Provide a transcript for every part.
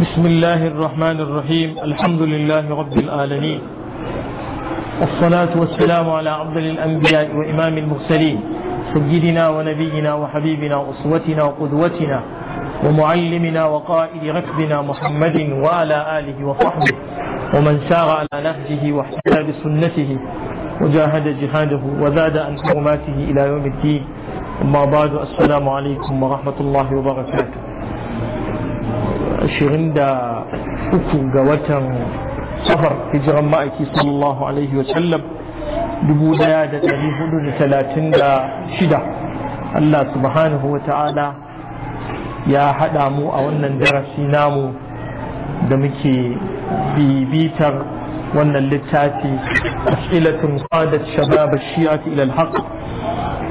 بسم الله الرحمن الرحيم الحمد لله رب العالمين والصلاة والسلام على عبد الأنبياء وإمام المرسلين سيدنا ونبينا وحبيبنا وأسوتنا وقدوتنا ومعلمنا وقائد ركبنا محمد وعلى آله وصحبه ومن سار على نهجه واحتفى بسنته وجاهد جهاده وزاد عن حرماته إلى يوم الدين أما بعد السلام عليكم ورحمة الله وبركاته 23 ga watan safar hijiran ma'aiki sallallahu alaihi wa sallam 1436 Allah subhanahu wa ta'ala ya haɗa mu a wannan darasi namu da muke bibitar wannan littafi a qadat shabab shababa shiati ila al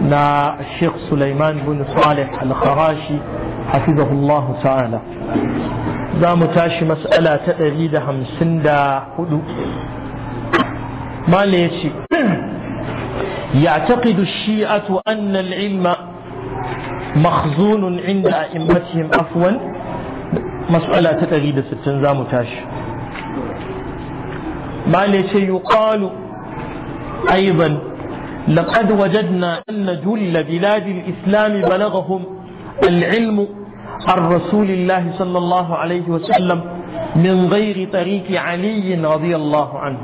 na Sheikh Sulaiman bin Salih al-Kharashi hafizahullahu ta'ala za mu tashi mas'ala ta ɗari da hamsin da hudu mala ya ce يعتقد الشيعة أن العلم مخزون عند أئمتهم عفوا مسألة تتغيد ستين زام تاش ما ليش يقال أيضا لقد وجدنا أن جل بلاد الإسلام بلغهم العلم عن رسول الله صلى الله عليه وسلم من غير طريق علي رضي الله عنه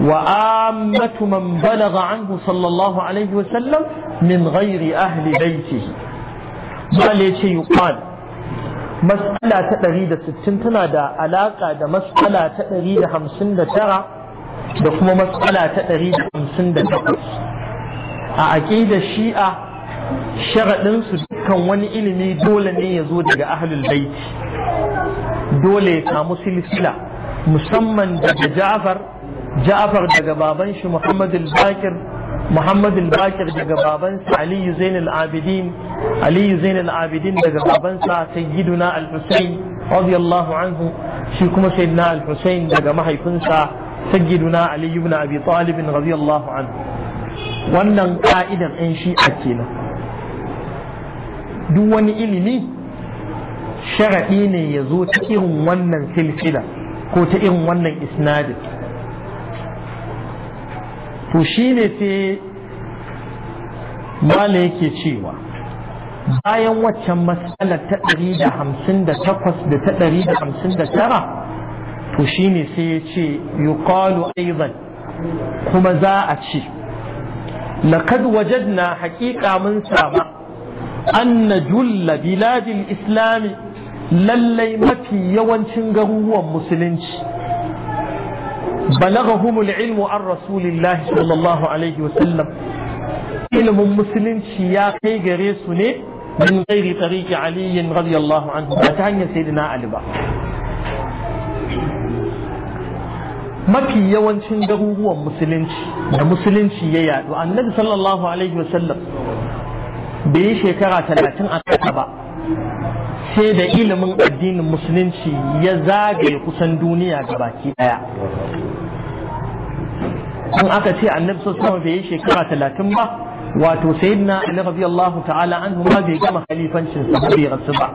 وآمة من بلغ عنه صلى الله عليه وسلم من غير أهل بيته بل يقال مسألة تريد ستين تنادى علاقة دا مسألة تريد خمسين دا ترى دا مسألة تريد خمسين دا تقص أعقيد الشيئة sharaɗinsu dukkan wani ilimi dole ne ya zo daga ahlul baiti dole ya samu silsila musamman daga ja'far ja'far daga baban shi muhammad al-bakir muhammad al-bakir daga baban sa aliyu zain al-abidin aliyu zain al-abidin daga baban sa sayyiduna al-husayn radiyallahu anhu shi kuma sayyidina al-husayn daga mahaifinsa sayyiduna aliyu ibn abi talib radiyallahu anhu wannan ka'idar shi shi'a kenan duk wani ilimi sharaɗi ne ya zo ta irin wannan silsila ko ta irin wannan isnadin to shi ne sai mala yake cewa bayan waccan matsalar ta ɗari da hamsin da takwas da ta ɗari da hamsin da tara to shi ne sai ya ce yuqalu aizan kuma za a ce لقد وجدنا حقيقة من سامة anna julla biladil islami lallai mafi yawancin garuruwan musulunci بلغهم العلم عن رسول الله صلى الله عليه وسلم علم مسلم يا كي غريسوني من غير طريق علي رضي الله عنه أتعني سيدنا علي با mafi yawancin garuruwan musulunci da musulunci ya yadu annabi sallallahu alaihi wasallam bai yi shekara talatin a kasa ba sai da ilimin addinin musulunci ya zagaye kusan duniya gabaki daya in aka ce annabi sosai bai yi shekara talatin ba wato sayyidina ali radiyallahu ta'ala an ma bai gama khalifancin sa bai rasu ba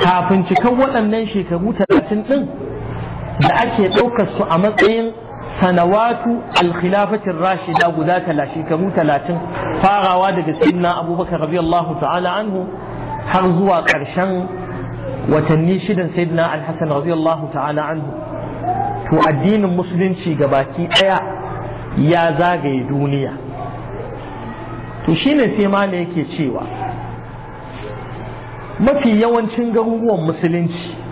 kafin cikan waɗannan shekaru talatin ɗin da ake ɗaukar su a matsayin sanawatu alkhilafatin rashida guda shekaru talatin farawa daga sayyidina abubakar radiyallahu ta'ala anhu har zuwa ƙarshen watanni shidan sayyidina alhassan radiyallahu ta'ala anhu to addinin musulunci gabaki ɗaya ya zagaye duniya to shine sai ma yake cewa mafi yawancin garuruwan musulunci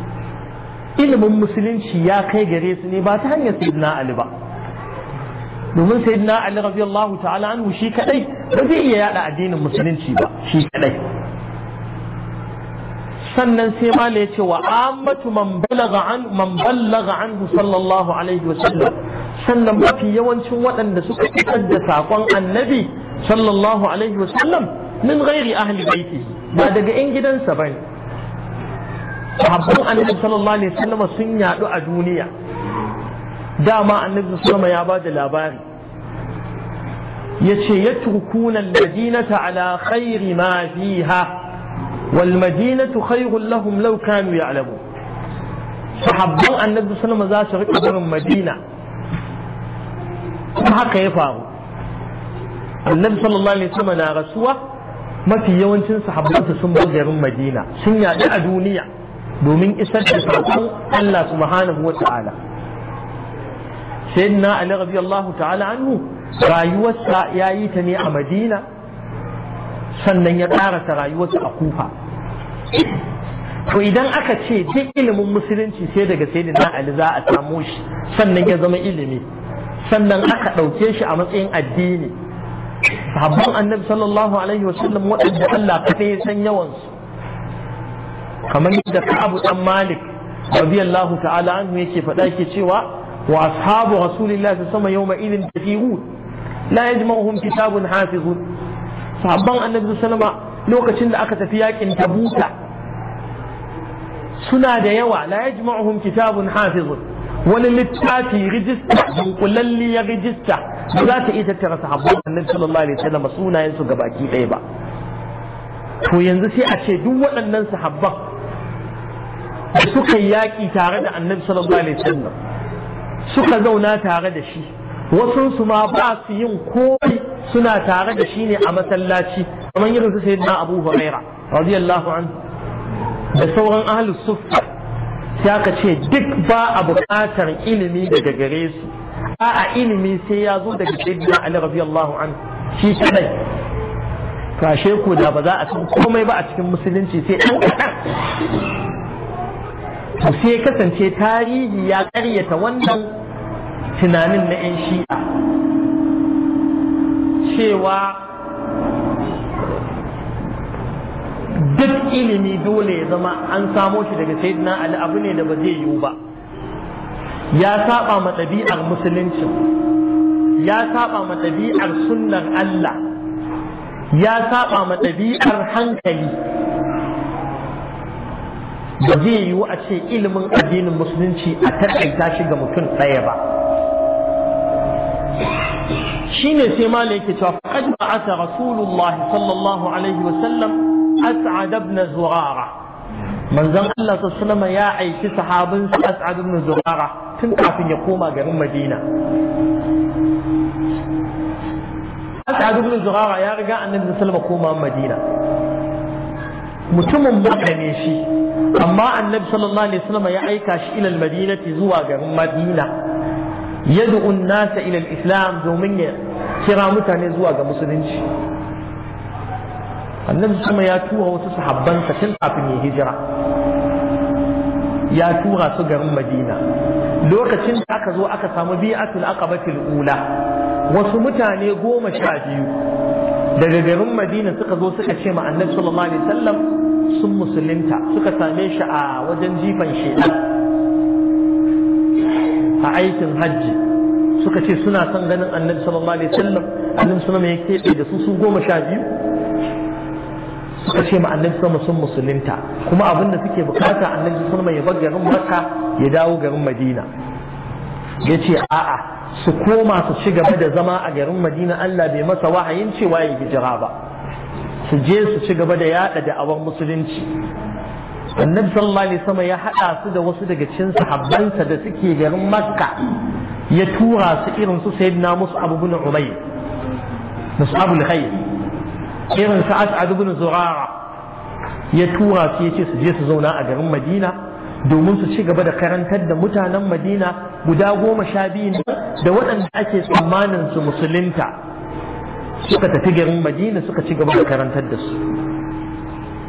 ilimin musulunci ya kai gare su ne ba ta hanyar sayyidina ali ba domin sayyidina ali radiyallahu ta'ala anhu shi kadai ba zai iya yada addinin musulunci ba shi kadai sannan sai ma ya ce wa ammatu man balaga an man balaga anhu sallallahu alaihi wa sallam sannan mafi yawancin waɗanda suka fitar da sakon annabi sallallahu alaihi wa sallam min ghairi ahli baiti ba daga 'yan gidansa bane sahabban annabi sallallahu alaihi wasallam sun yadu a duniya dama annabi sallallahu ya ba da labari yace yatrukuna almadinata ala khairi ma fiha wal madinatu khairul lahum law kanu ya'lamun sahabban annabi sallallahu za su rika barin madina kuma haka ya faru annabi sallallahu alaihi wasallam na rasuwa mafi yawancin sahabbansa sun bar garin madina sun yaɗu a duniya domin isar da saƙon Allah subhanahu wa ta'ala sayyidina Ali radiyallahu ta'ala anhu rayuwarsa ya yi ta ne a Madina sannan ya ƙarasa rayuwarsa a Kufa to idan aka ce duk ilimin musulunci sai daga sayyidina Ali za a samu shi sannan ya zama ilimi sannan aka ɗauke shi a matsayin addini sahabban annabi sallallahu alaihi wasallam waɗanda Allah kaɗai ya san yawansu kamar yadda Ka'ab dan Malik radiyallahu ta'ala anhu yake faɗa yake cewa wa ashabu rasulillahi sallallahu alaihi wasallam idin kathirun la yajma'uhum kitabun hafizun sahabban annabi sallama lokacin da aka tafi yakin tabuta suna da yawa la yajma'uhum kitabun hafizun wani littafi rijista dunkulalli ya rijista ba za ta iya tattara sahabban annabi sallallahu alaihi wasallam sunayen su gabaki ɗaya ba to yanzu sai a ce duk waɗannan sahabban suka yi yaƙi tare da annabi sallallahu alaihi wasallam suka zauna tare da shi wasu ma ba su yin komai suna tare da shi ne a masallaci kamar yin su sayyidina Abu Huraira radiyallahu anhu da sauran ahlus suffa ya ka ce duk ba a buƙatar ilimi daga gare su a a ilimi sai ya zo daga sayyidina Ali radiyallahu anhu shi kadai kashe da ba za a san komai ba a cikin musulunci sai ɗan kaɗan to sai kasance tarihi ya karyata wannan tunanin na 'yan shi'a cewa duk ilimi dole ya zama an samo shi daga sayyidina ali abu ne da ba zai yiwu ba ya saba ma ɗabi'ar musulunci ya saba ma ɗabi'ar sunnar Allah ya saba ma ɗabi'ar hankali ba zai yiwu a ce ilimin addinin musulunci a takaita shi ga mutum ɗaya ba Shi ne sai malai yake cewa faqad ba'atha rasulullahi sallallahu alaihi wa sallam as'ad ibn zurara manzon Allah sallallahu alaihi ya aiki sahabin sa as'ad ibn zurara tun kafin ya koma garin Madina as'ad ibn zurara ya riga annabi sallallahu alaihi wa koma Madina mutumin Makka ne shi amma annabi sallallahu alaihi wasallam ya aika shi ila madinati zuwa garin madina yad'u an-nasa ila al-islam domin ya kira mutane zuwa ga musulunci annabi sama ya tura wasu sahabban sa tun kafin ya hijira ya tura su garin madina lokacin da aka zo aka samu bi'atul aqabatul ula wasu mutane goma sha biyu daga garin madina suka zo suka ce ma annabi sallallahu alaihi wasallam sun musulunta suka same shi a wajen jifan shedan a aikin hajji suka ce suna son ganin annabi sallallahu alaihi wasallam annabi sallallahu ya keɓe da su su goma sha biyu suka ce ma annabi sama sun musulunta kuma abin da suke bukata annabi sama ya bar garin makka ya dawo garin madina ya ce a'a su koma su ci gaba da zama a garin madina allah bai masa wahayin cewa ya hijira ba su je su ci gaba da yada da'awar musulunci annabi sallallahu alaihi wasallam ya hada su da wasu daga cikin sahabbansa da suke garin makka ya tura su irin su sayyidina musu abubun umayy musabul khayr irin su as'ad ibn zurara ya tura su yace su je su zauna a garin madina domin su ci gaba da karantar da mutanen madina guda goma sha biyu da waɗanda ake tsammanin su musulunta suka tafi garin madina suka ci gaba da karantar da su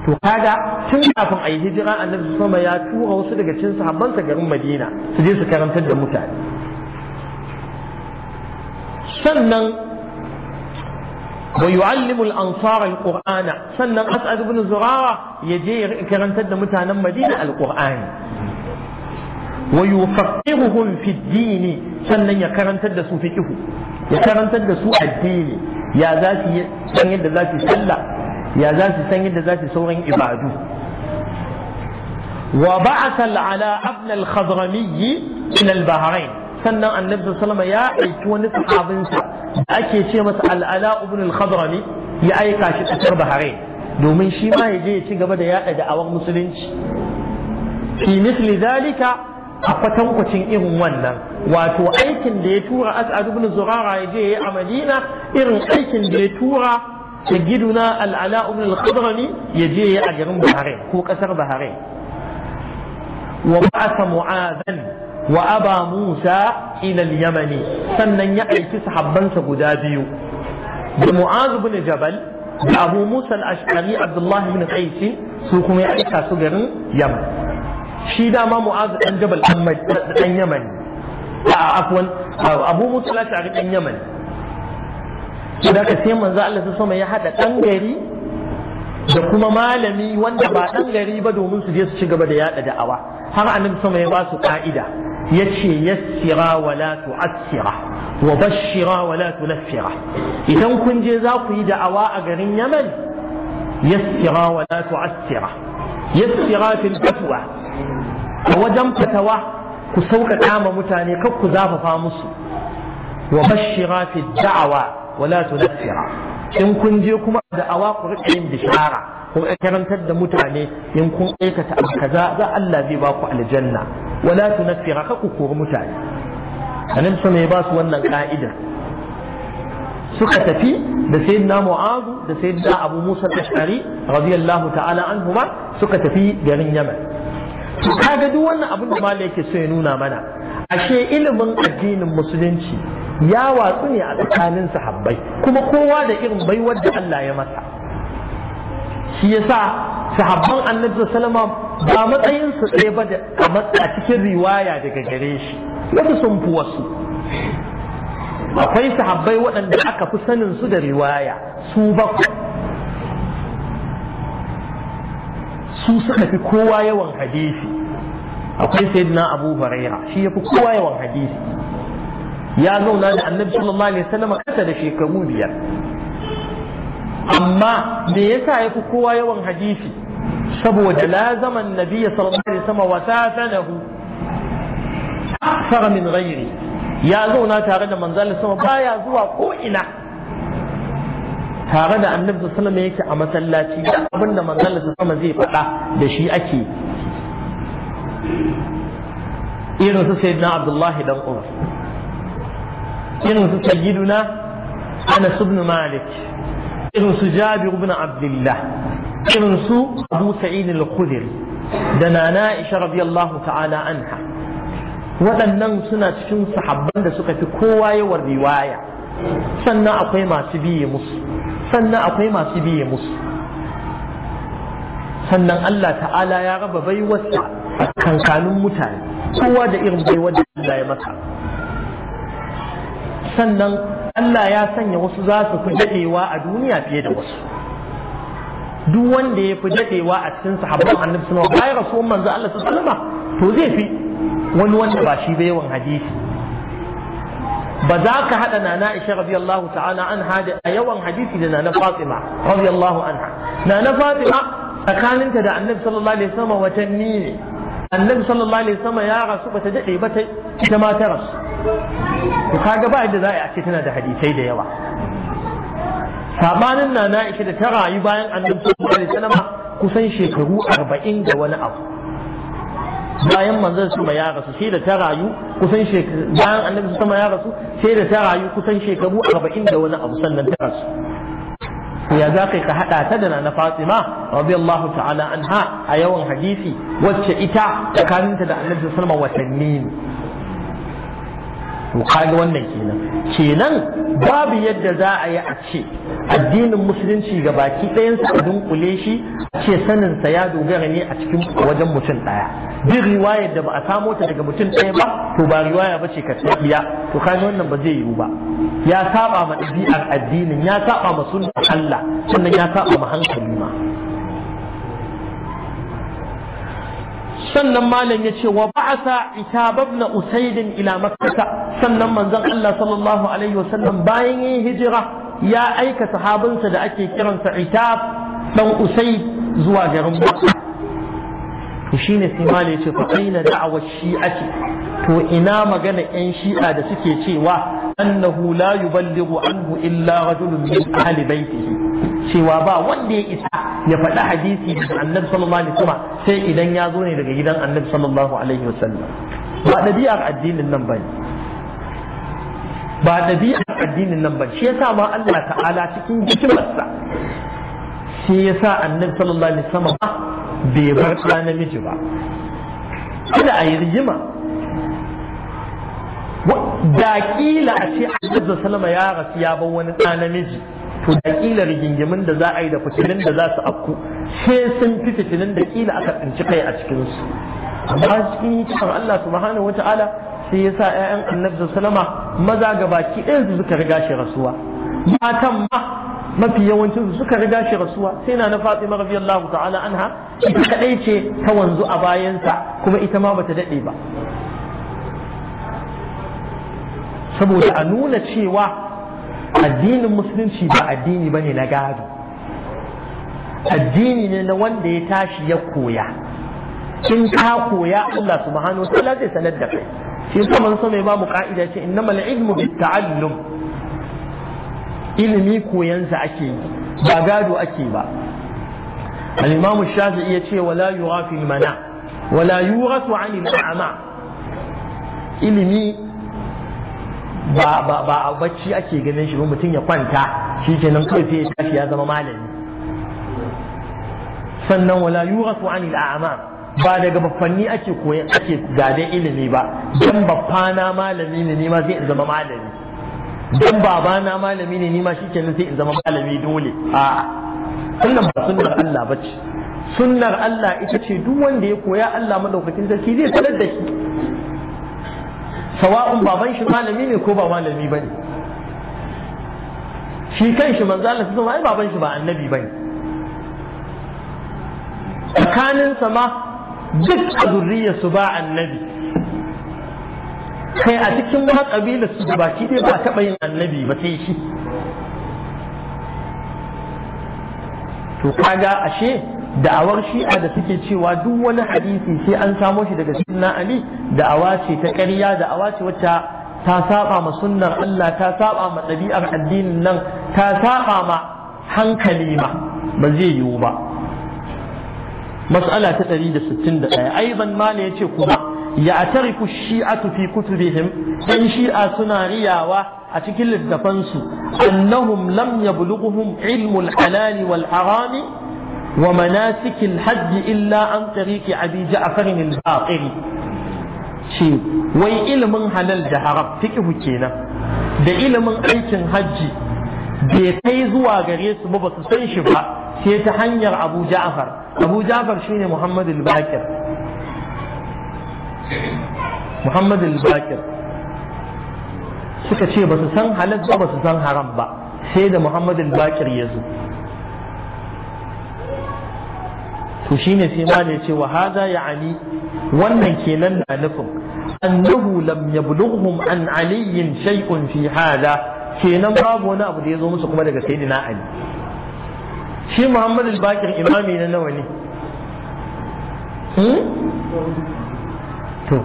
to kaga tun kafin a yi hijira annabi sama ya tura wasu daga cikin sahabbansa garin madina su je su karantar da mutane sannan ويعلم الأنصار القرآن سنن أسعد بن زرارة يجي كرن تد متانا مدينة القرآن ويفقههم في الدين سنن يكرن تد سوفكه يكرن تد سوء الدين ya za su san yadda za su sallah ya za su san yadda za su sauran ibadu wa ba'athal ala ibn al-khazrami ila al-bahrain sannan annabi sallallahu ya aiki wani sahabinsa da ake ce masa al-ala ibn al-khazrami ya aika shi kasar bahrain domin shi ma ya je ya ci gaba da yada da'awar musulunci fi misli zalika a kwatankwacin irin wannan wato aikin da ya tura as'ad ibn zurara ya je a madina irin aikin da ya tura sayyiduna al'ala ibn al-qadrami ya je a garin bahrain ko kasar bahrain wa ba'atha mu'adhan wa aba musa ila al-yamani sannan ya aiki sahabbansa guda biyu da mu'adh ibn jabal da abu musa al-ash'ari abdullahi ibn qais su kuma ya aika su garin yaman shi dama mu'azu dan jabal dan yaman a afwan abu musa lashari dan yaman da ka sai manzo Allah su sama ya hada dan gari da kuma malami wanda ba dan gari ba domin su je su ci gaba da yada da'awa har annabi sama ya ba su ka'ida yace yassira wa la tu'assira wa bashira wa la tunaffira idan kun je za ku yi da'awa a garin Yaman yassira wa la tu'assira yassira fil fatwa a wajen fatawa ku sauƙaƙa ma mutane kar ku zafafa musu wa bashira fi da'awa wala tunaffira in kun je kuma da'awa ku riƙa yin bishara ku karantar da mutane in kun aikata abu kaza za Allah zai ba ku aljanna wala tunaffira kar ku kori mutane anan sama ya ba su wannan ka'ida suka tafi da sayyidina mu'azu da sayyidina abu musa al-ashari radiyallahu ta'ala anhuma suka tafi garin yaman to ga duk wannan abin da malai yake so ya nuna mana ashe ilimin addinin musulunci ya watsu ne a tsakanin sahabbai kuma kowa da irin baiwar da Allah ya masa shi yasa sahabban annabi wasallam ba matsayin su ɗaya ba da a cikin riwaya daga gare shi wasu sun fi wasu akwai sahabbai waɗanda aka fi sanin su da riwaya su ba su suka fi kowa yawan hadisi akwai sayyidina abu huraira shi ya fi kowa yawan hadisi ya zauna da annabi sallallahu alaihi wasallam kasa da shekaru biyar amma me yasa fi kowa yawan hadisi saboda lazaman nabiyyi sallallahu alaihi wasallam wasatanahu akthar min ghairi ya zauna tare da manzalin sama baya zuwa ko ina tare da annabi sallallahu alaihi wasallam yake a masallaci da abinda manzalin sama zai faɗa da shi ake irin su sayyidina abdullahi dan umar irin su sayyiduna anas ibn malik irin su jabir ibn abdullah irin su abu sa'id al-khudri da nana aisha radiyallahu ta'ala anha waɗannan suna cikin sahabban da suka fi kowa yawan riwaya sannan akwai masu biye musu sannan akwai masu biye musu sannan Allah ta'ala ya raba baiwarsa a kankanin mutane kowa da irin bai wadda Allah ya masa sannan Allah ya sanya wasu za su fi daɗewa a duniya fiye da wasu duk wanda ya fi daɗewa a cikin sahabban annabi sallallahu alaihi wasallam bayan rasuwan manzo Allah su alaihi to zai fi wani wanda ba shi ba yawan hadisi ba za ka haɗa na na isha radiyallahu ta'ala an hada a yawan hadisi da na fatima radiyallahu anha na na fatima tsakaninta da annabi sallallahu alaihi wasallam watanni ne annabi sallallahu alaihi wasallam ya rasu bata dade ba ita ma ta rasu to kaga ba yadda za a ce tana da hadisai da yawa sabanin na na ishe da ta rayu bayan annabi sallallahu alaihi wasallam kusan shekaru 40 da wani abu bayan manzon ya rasu sai da ta rayu kusan shekaru bayan annabi ya rasu sai da ta rayu kusan shekaru 40 da wani abu sannan ta rasu to ya za ka haɗa ta da na Fatima radiyallahu ta'ala anha a yawan hadisi wacce ita tsakaninta da Annabi sallallahu alaihi wasallam watanni ne to wannan kenan kenan babu yadda za a yi a ce addinin musulunci ga baki ɗayansa a dunkule shi ce sanin sa ya dogara ne a cikin wajen mutum ɗaya duk riwayar da ba a samo ta daga mutum ɗaya ba to ba riwaya ba ce ka tsakiya to kaga wannan ba zai yiwu ba ya saba ma addinin ya saba ma sunan Allah sannan ya saba ma hankali ma sannan malam ya ce wa ba'asa itabab na usaidin ila makkata sannan manzon Allah sallallahu alaihi wasallam bayan yin hijira ya aika sahabinsa da ake kiransa itab dan usaid zuwa garin makka to shine sai malam ya ce fa aina da'awa shi'ati to ina magana yan shi'a da suke cewa annahu la yuballighu anhu illa rajulun min ahli baitihi cewa ba wanda ya isa ya faɗi hadisi daga annabi sallallahu alaihi wasallam sai idan ya zo ne daga gidan annabi sallallahu alaihi wasallam ba ɗabi'ar addinin nan bane ba ɗabi'ar addinin nan bane shi yasa ma Allah ta'ala cikin hikimarsa shi yasa annabi sallallahu alaihi wasallam bai bar ɗa namiji ba kada a yi rigima da kila a ce annabi sallallahu alaihi wasallam ya rasu ya bar wani ɗa namiji to da kila rigingimin da za a yi da fitinin da za su afku sai sun fi fitinin da kila aka tsinci kai a cikin su amma cikin hikimar Allah subhanahu wata'ala sai ya sa ƴaƴan annabi sallama maza gabaki ɗaya su suka riga shi rasuwa matan ma mafi yawancin suka riga shi rasuwa sai na na Fatima radiyallahu ta'ala anha ita kadai ce ta wanzu a bayansa kuma ita ma bata daɗe ba saboda a nuna cewa addinin musulunci ba addini bane na gado addini ne na wanda ya tashi ya koya in ka koya Allah subhanahu wataala zai sanar da kai shi yasa so mai ba mu ka'ida ce mal ilmu ilmi ilimi koyansa ake yi ba gado ake ba al-imam shafi'i ya ce wala yurafi mana wala yurasu 'ani al-a'ma ilimi ba ba ba a bacci ake ganin shi ba mutum ya kwanta shi nan kawai sai ya tashi ya zama malami sannan wala yurasu anil ama ba daga baffanni ake koyan ake gadan ilimi ba dan na malami ne ma zai zama malami dan na malami ne shi shikenan sai zai zama malami dole a sannan ba sunnar Allah bace sunnar Allah ita ce duk wanda ya koya Allah madaukakin sarki zai sanar da shi sawa'un baban shi malami ne ko ba malami bane shi kan shi manzo Allah sun ai baban shi ba annabi bane tsakanin ma duk a su ba annabi kai a cikin wata kabila su ba baki dai ba taɓa yin annabi ba sai shi to kaga ashe da'awar shi'a da suke cewa duk wani hadisi sai an samo shi daga sunna ali da'awa ce ta ƙarya da'awa ce wacce ta saba ma sunnar Allah ta saba ma ɗabi'ar addinin nan ta saba ma hankali ma ba zai yiwu ba mas'ala ta 161 aidan ma ne yace kuma يعترف الشيعة shi'a suna riyawa a cikin أتكل الدفنس أنهم لم ilmul علم wal harami. ومناسك الحج إلا عن طريق أبي جعفر الباقري شيء وي إلمن حلال جهرب تكه كينا da ilimin aikin hajji bai kai zuwa gare su ba su san shi ba sai ta hanyar abu ja'far abu ja'far shine muhammad al-bakir muhammad al-bakir suka ce ba su san halal ba ba su san haram ba sai da muhammad al-bakir ya zo to shine sai ma ne ce wa ya ani wannan kenan na nufin annahu lam yablughum an aliyin shay'un fi hada kenan babu wani abu da ya zo musu kuma daga sayyidina ali shi muhammad al-bakir imami na nawa ne hmm? to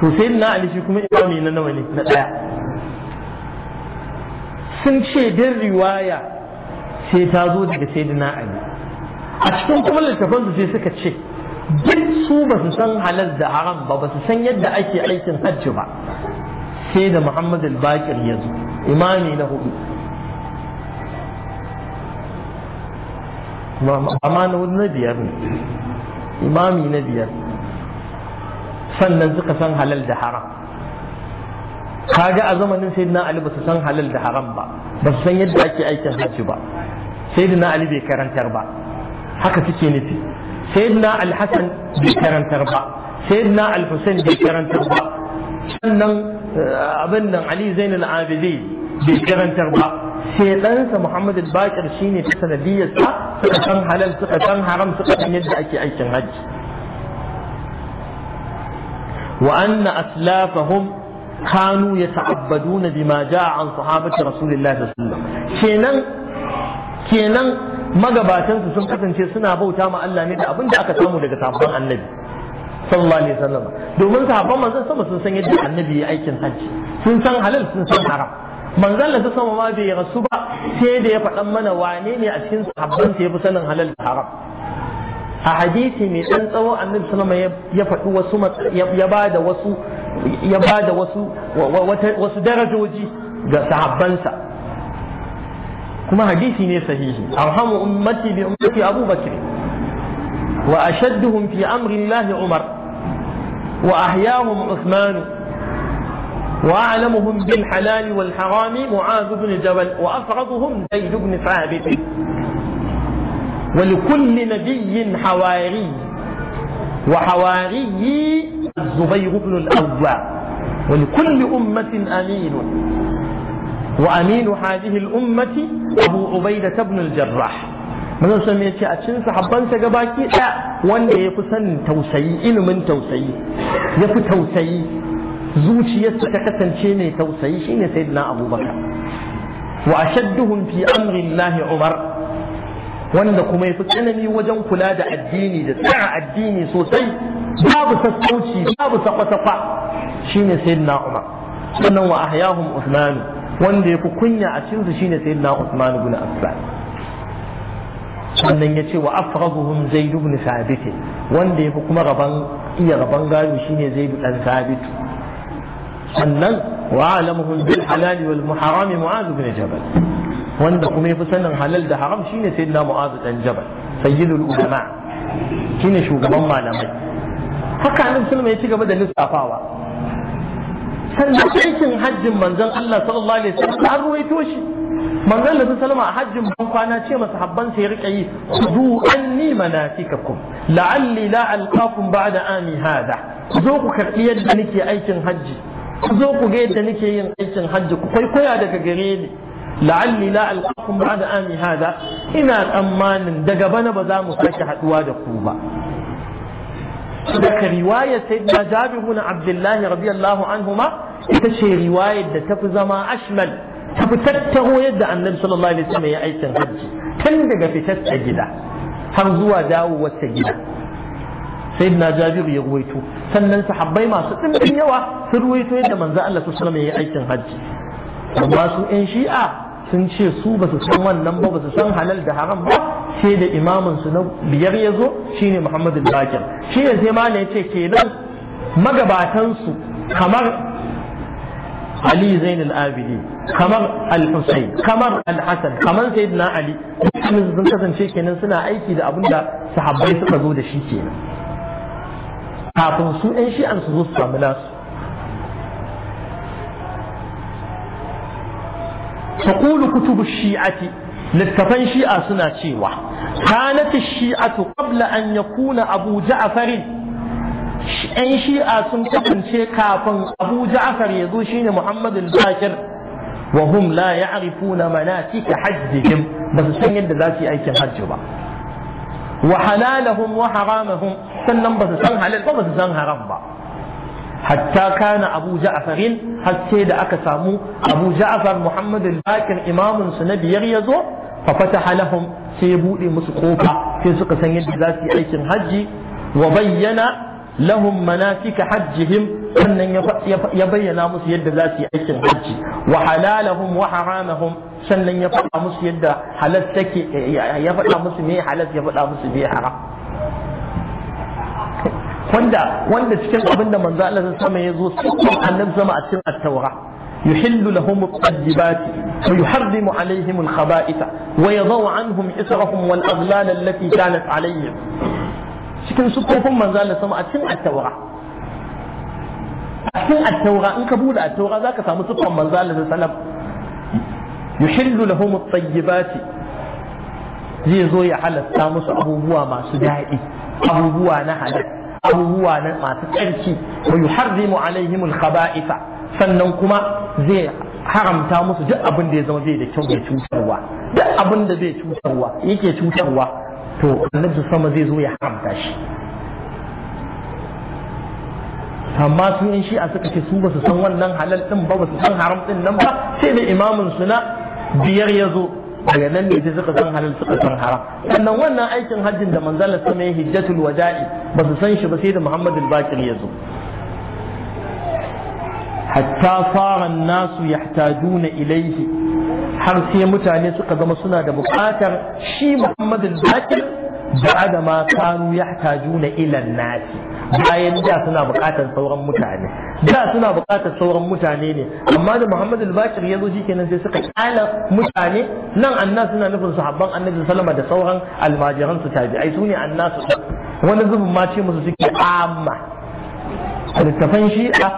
to sayyidina ali shi kuma imami na nawa ne na daya sun ce din riwaya sai ta zo daga sayyidina ali a cikin kuma littafansu sai suka ce duk su ba su san halal da haram ba ba su san yadda ake aikin hajji ba sai da muhammad al-bakir ya zo imami na hudu amma na hudu na biyar ne imami na biyar sannan suka san halal da haram kaga a zamanin sayyidina ali ba su san halal da haram ba ba su san yadda ake aikin hajji ba sayyidina ali bai karantar ba haka suke nufi sayyidina na hasan bai karantar ba sayyidina na husain bai karantar ba sannan eh, abin nan ali zainul abidi bai karantar ba sai ɗansa muhammad al-bakir shine ta sanadiyarsa suka san halal suka san haram suka san yadda ake aikin hajji wa anna aslafahum kanu ya yata'abbaduna bima ja'a an sahabati rasulillahi sallallahu alaihi wasallam kenan kenan magabatansu sun kasance suna bauta ma Allah ne da abin da aka samu daga sahabban annabi sallallahu alaihi wasallam domin sahabban manzon sama sun san yadda annabi ya aikin hajji sun san halal sun san haram manzon Allah sama ma bai rasu ba sai da ya faɗan mana wane ne a cikin sahabban ya fi sanin halal da haram a hadisi mai dan tsawo annabi wasallam ya faɗi wasu ya ba da wasu ya ba wasu wasu darajoji ga sahabbansa kuma hadisi ne sahihi arhamu ummati bi ummati Abu Bakr wa ashadduhum fi amri Allah Umar wa ahyahum Uthman wa a'lamuhum bil halal wal haram Muaz ibn Jabal wa afraduhum Zaid ibn Thabit hawari Zubayr ibn al-Awwa wa li kulli ummatin أمين وأمين هذه الأمة abu ubaida ibn jarrah ya ce a cikin sahabbansa ga baki ɗaya wanda ya fi sanin tausayi ilimin tausayi ya fi tausayi zuciyarsa ta kasance mai tausayi shine sayyidina abubakar wa ashadduhum fi amrillahi umar wanda kuma ya fi tsanani wajen kula da addini da tsara addini sosai babu sassauci babu sakwa-sakwa shine sayyidina umar sannan wa ahyahum usmanu wanda ya fi kunya a cikin su shine sayyidina Usman ibn Affan sannan ya ce wa afrahuhum zaid ibn sabit wanda ya fi kuma raban iya raban gado shine zaid dan sabit sannan wa alamuhum bil halal wal muharram mu'az ibn jabal wanda kuma ya fi sanin halal da haram shine sayyidina mu'az dan jabal sayyidul ulama shine shugaban malamai haka nan sulma ya ci gaba da lissafawa sannan aikin hajjin manzon Allah sallallahu alaihi wasallam an ruwaito shi manzon Allah sallallahu a hajjin ban kwana ce masa habban sai rike yi khudu anni manasikakum la'alli la alqakum ba'da ami hada zo ku karbi yadda nake aikin hajji zo ku ga yadda nake yin aikin hajji ku kwaikwaya daga gare ni la'alli la alqakum ba'da ami hada ina tsammanin daga bana ba za mu sake haduwa da ku ba دك رواية سيدنا جابر بن عبد الله رضي الله عنهما تشي رواية تفز ما أشمل تفتته يد أن النبي صلى الله عليه وسلم يأيت الحج تندق في تسع جدا همزوا داو وسجدا سيدنا جابر يغويتو سنن صحابي ما ستم بن يوا سرويتو يد من زال الله صلى الله عليه وسلم يأيت الحج وما سوء إن شيئا sun ce su ba su san wannan ba ba su san halal da haram ba sai da imamin su na biyar ya zo shine Muhammadu bakir shi ne sai ma ya ce kenan magabatan su kamar Ali Zain al-Abidi kamar Al-Husayn kamar Al-Hasan kamar Sayyidina Ali sun kasance kenan suna aiki da abin da sahabbai suka zo da shi kenan kafin su 'yan shi'an su zo su samu nasu تقول كتب الشيعة littafan shi'a suna cewa kanat shi'atu qabla an yakuna abu ja'far yan shi'a sun kasance kafin abu ja'far ya zo shine Muhammadu al-bakir wa hum la ya'rifuna manatika hajjihim ba su san yadda za su yi aikin hajji ba wa halalahum wa haramahum sannan ba su san halal ba ba su san haram ba hatta kana abu ja'farin har sai da aka samu abu ja'far muhammad al-bakir imamun su na biyar ya zo fa fataha lahum sai ya bude musu kofa sai suka san yadda za su yi aikin hajji wa bayyana lahum manasika hajjihim wannan ya bayyana musu yadda za su yi aikin hajji wa halalahum wa haramahum sannan ya faɗa musu yadda halal take ya faɗa musu me halal ya faɗa musu me haram wanda wanda cikin abin da manzo Allah sama ya zo cikin annabi sama a cikin at-taura yuhillu lahum al tayyibat wa yuharrimu alaihim al khabaith wa yadhu anhum israhum wal aghlal allati kanat alaihim cikin sukofin manzo Allah sama a cikin at-taura a cikin at-taura in ka bude at-taura zaka samu sukon manzo Allah sallallahu alaihi wasallam yuhillu lahum at-tayyibat zai zo ya halatta musu abubuwa masu daɗi abubuwa na halal abubuwa na masu tsarki wa yuharrimu alaihim alkhaba'itha sannan kuma zai haramta musu duk abin da ya zama bai da kyau bai cutarwa duk abin da bai cutarwa yake cutarwa to annabi sama zai zo ya haramta shi amma su shi shi'a suka ce su ba su san wannan halal din ba basu su san haram din nan ba sai da imamin su na biyar ya zo daga nan ne sai suka san halal suka san haram sannan wannan aikin hajjin da manzala ta mai hijjatul wada'i ba su san shi ba sai da Muhammad al-Bakir ya zo hatta fara nasu yahtajuna ilayhi har sai mutane suka zama suna da bukatar shi Muhammad al-Bakir da adama kanu yahtajuna ila nasi bayan da suna buƙatar sauran mutane da suna buƙatar sauran mutane ne amma da Muhammadu al-Bashir ya zo shikenan sai suka kala mutane nan annas suna nufin sahabban Annabi sallama da sauran almajiran su tabi'ai su ne annas wani zubin ma ce musu suke amma littafan shi'a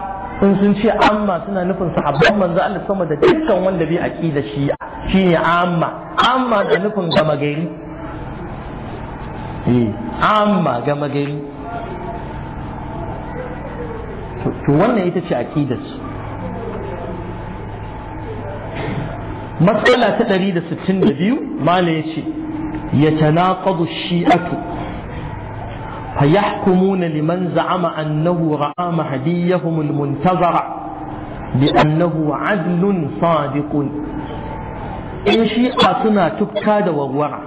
in sun ce amma suna nufin sahabban manzo Allah sama da dukkan wanda bai aqida shi'a shine amma amma da nufin gama gari eh, amma gama gari to wannan ita ce aqida ce matsala ta ɗari da 162 Malam ya ce ya tanaqadu shi'atu fa yahkumuna liman za'ama annahu ra'a mahdiyahum almuntazara bi annahu 'adlun sadiqun in shi'a suna tukka da warwara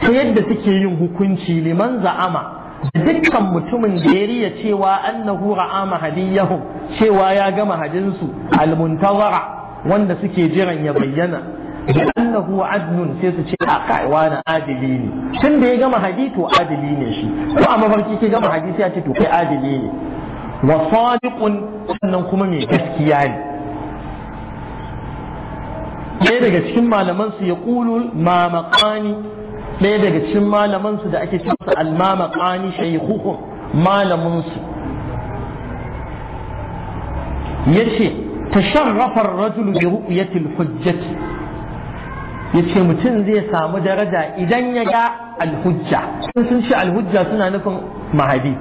ta yadda suke yin hukunci liman za'ama dukkan mutumin da ya riya cewa annahu ra'ama hadiyahu cewa ya gama hadinsu almuntazara wanda suke jiran ya bayyana da annahu adnun sai su ce a ah, kaiwa na adili ne tun da ya gama hadi to adili ne shi ko a mafarki ke gama hadi sai a ce to kai adili ne wa sadiqun sannan kuma mai gaskiya ne ɗaya daga cikin malaman su ya kulu ma maqani ɗaya daga cikin malamansu da ake cewa almama ƙani shaikuhun malaminsu ya ce ta sharrafar rajulu bi ru'yatil hujjati ya ce mutum zai samu daraja idan ya ga alhujja sun ce alhujja suna nufin mahadi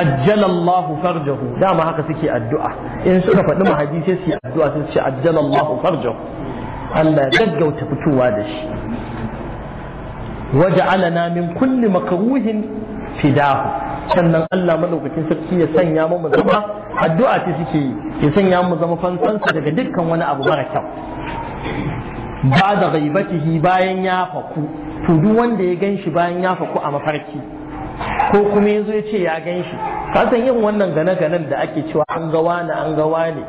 ajjala Allah farjahu dama haka suke addu'a in suka faɗi mahadi sai su yi addu'a sun ce ajjala Allah farjahu Allah ya gaggauta fitowa da shi waja'alana min kulli makruhin fidahu sannan Allah madaukakin sarki ya sanya mu zama addu'a ce suke yi ya sanya mu zama fansansa daga dukkan wani abu mara kyau ba da ghaibatihi bayan ya faku to duk wanda ya ganshi bayan ya faku a mafarki ko kuma yazo ya ce ya ganshi. Kasan ka san yin wannan gane ganen da ake cewa an ga wani an ga wani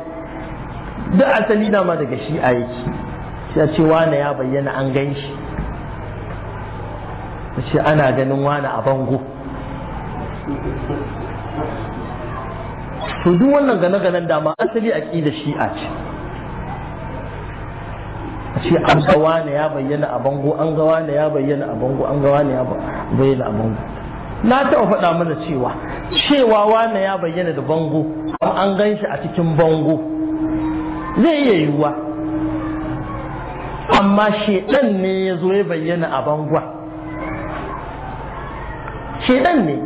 duk asali ma daga shi a yake ya ce wani ya bayyana an ganshi. ce ana ganin wani a bango to duk wannan gane-ganen dama asali a ƙi da shi'a ce a ce an ga wani ya bayyana a bango an ga wani ya bayyana a bango an ga wani ya bayyana a bango na taɓa faɗa mana cewa cewa wani ya bayyana da bango an gan shi a cikin bango zai iya yiwuwa amma shedan ne ya zo ya bayyana a bangon shedan ne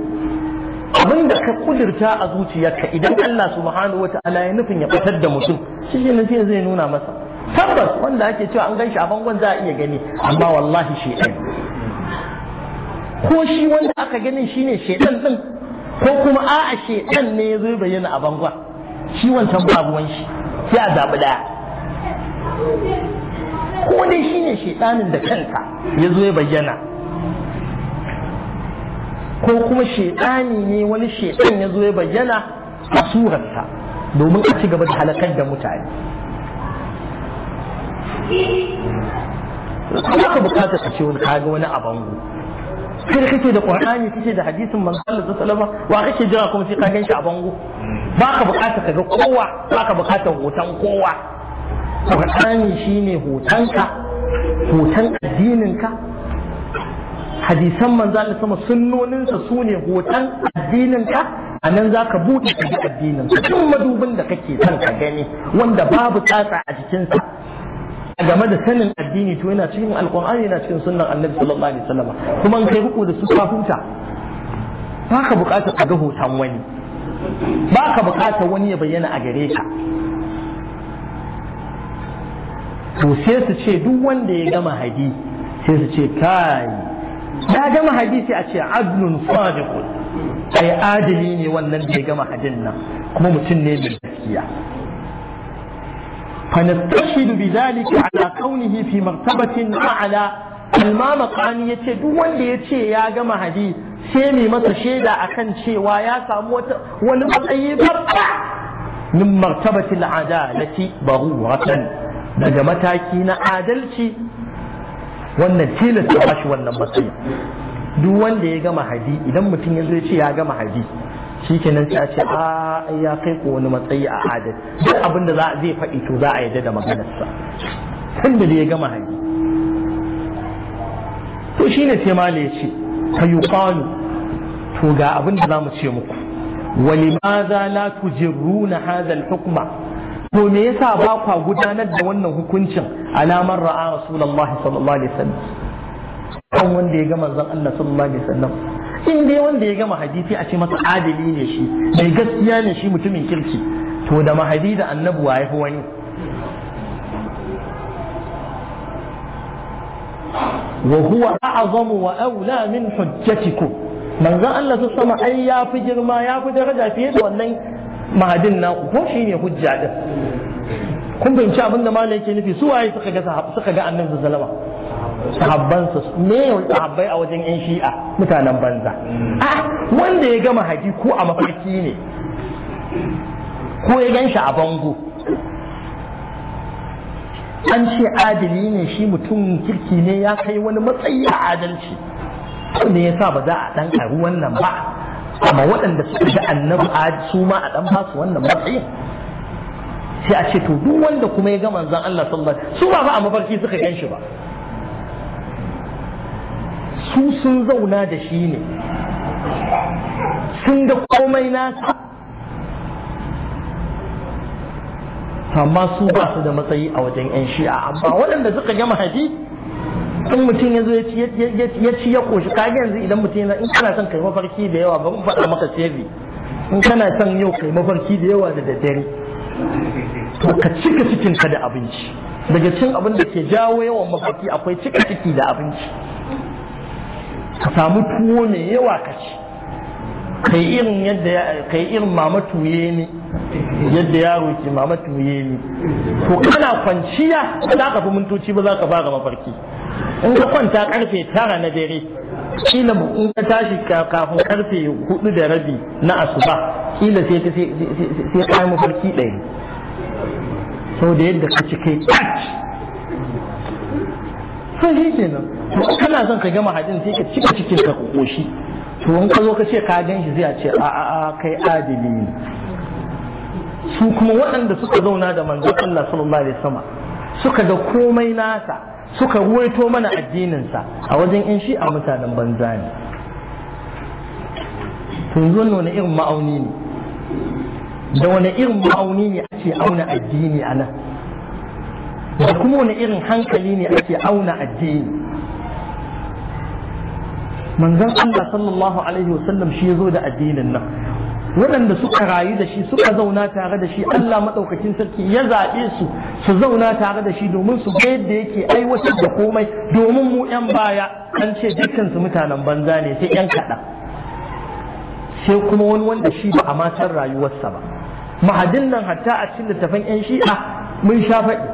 abin da ka kudurta a zuciyarka idan Allah subhanahu wa ta'ala ya nufin ya fitar da mutum shi ne sai zai nuna masa tabbas wanda ake cewa an gan shi a bangon za a iya gani amma wallahi shedan ko shi wanda aka ganin shine shedan din ko kuma a'a shedan ne ya zo bayyana a bangon shi wancan babuwan shi sai a zabi daya ko dai shine shedanin da kanka ya zo ya bayyana ko kuma shaiɗani ne wani shaiɗan ya zo ya bayyana a surarsa domin a ci gaba da halakar da mutane kuma ka bukata ka ce wani kaga wani a bango kai kake da qur'ani kake da hadisin manzo Allah sallallahu alaihi wasallam wa kake jira kuma sai ka ganshi a bango ba ka bukata ka ga kowa ba ka bukata hoton kowa qur'ani shine hotonka hoton addininka hadisan manzo Allah sama sunnoninsa su ne hoton addininka a nan za ka buɗe ka ji addinin duk madubin da kake son ka gani wanda babu tsatsa a cikin a game da sanin addini to yana cikin alqur'ani yana cikin sunnan annabi sallallahu alaihi wasallam kuma in kai riko da su ka huta ba ka ka ga hoton wani ba ka wani ya bayyana a gare ka to sai su ce duk wanda ya gama hadi sai su ce kai ya gama hadisi a ce adnun fadiqun ai adili ne wannan da ya gama hadin nan kuma mutum ne mai gaskiya fa nastashidu bidhalika ala kaunihi fi martabatin a'la Imam yace duk wanda yace ya gama hadi sai mai masa shaida a akan cewa ya samu wata wani matsayi babba min martabatil adalati baghuratan daga mataki na adalci wannan tilasta ba shi wannan matsayi. duk wanda ya gama hadi idan mutum ya zai ce ya gama hadi shi kenan sai ce a ya kai ko wani matsayi a adad duk abinda da zai faɗi to za a yadda da maganarsa tun da ya gama hadi to shi ne sai mala ya ce kwano to ga abin da za mu ce muku ولماذا لا تجرون هذا الحكم to me yasa ba kwa gudanar da wannan hukuncin alamar ra'a rasulullahi sallallahu alaihi wasallam kan wanda ya ga manzon Allah sallallahu alaihi wasallam in dai wanda ya gama mahadisi a ce masa adali ne shi mai gaskiya ne shi mutumin kirki to da mahadi da annabi ya fi wani wa huwa a'zamu wa aula min hujjatikum manzon Allah sallallahu alaihi wasallam ai ya fi girma ya fi daraja fiye da wannan mahadin na ko shi ne hujja din kun fahimci abin da malai yake nufi su waye suka ga suka ga annabi sallallahu alaihi sahabban su ne sahabbai a wajen yan shi'a mutanen banza a wanda ya ga mahadi ko a mafarki ne ko ya gan shi a bango an ce adali ne shi mutum kirki ne ya kai wani matsayi a adalci ne ya sa ba za a ɗan karu wannan ba amma waɗanda suka ga annabi a su ma a ɗan fasu wannan matsayin sai a ce to duk wanda kuma ya gama zan Allah sallallahu alaihi su ba ba a mafarki suka yan shi ba su sun zauna da shi ne sun da komai nasa amma su ba su da matsayi a wajen 'yan shi'a amma waɗanda suka gama hadisi in mutum ya zo ya ci ya koshi ka yanzu idan mutum yana in kana son kai mafarki da yawa ba faɗa maka sirri in kana son yau kai mafarki da yawa da daddare to ka cika cikinka da abinci daga cin abin da ke jawo yawan mafarki akwai cika ciki da abinci ka samu tuwo mai yawa ka ci kai irin yadda kai irin mama tuye ne yadda yaro ke mama tuye ne to kana kwanciya ba za ka fi mintoci ba za ka fara mafarki in ka kwanta karfe tara na dare kila in ka tashi kafin karfe hudu da rabi na asuba kila sai ta sai kayan mafarki ɗaya sau da yadda ka ci kai sai shi ke nan kana son ka gama hadin sai ka cika cikin ka koshi to in ka zo ka ce ka gan shi zai ce a a a kai adili ne su kuma waɗanda suka zauna da manzon Allah sallallahu alaihi wasallam suka ga komai nasa suka ruwaito mana addininsa a wajen in shi a mutanen banza ne yanzu wani irin ma'auni ne da wani irin ma'auni ne ake auna addini a nan da kuma wani irin hankali ne ake auna addini manzon Allah sallallahu alaihi wasallam shi ya zo da addinin nan waɗanda suka rayu da shi suka zauna tare da shi Allah maɗaukakin sarki ya zaɓe su su zauna tare da shi domin su ga yadda yake aiwatar da komai domin mu 'yan baya an ce dukkan mutanen banza ne sai 'yan kaɗan sai kuma wani wanda shi ba a matar rayuwarsa ba mahadin nan hatta a cikin littafin 'yan shi'a mun sha faɗi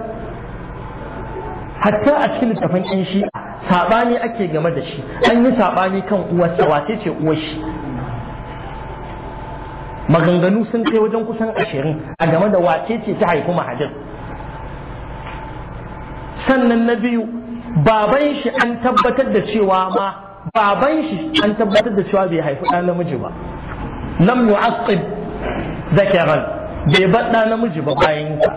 hatta a cikin littafin 'yan shi'a saɓani ake game da shi an yi saɓani kan uwarsa wace ce uwar shi maganganu sun kai wajen kusan ashirin a game da wace ce ta haifi mahajir sannan na biyu baban shi an tabbatar da cewa ma baban shi an tabbatar da cewa bai haifi ɗan namiji ba lam yu'aqqib zakaran bai bar ɗan namiji ba bayan ka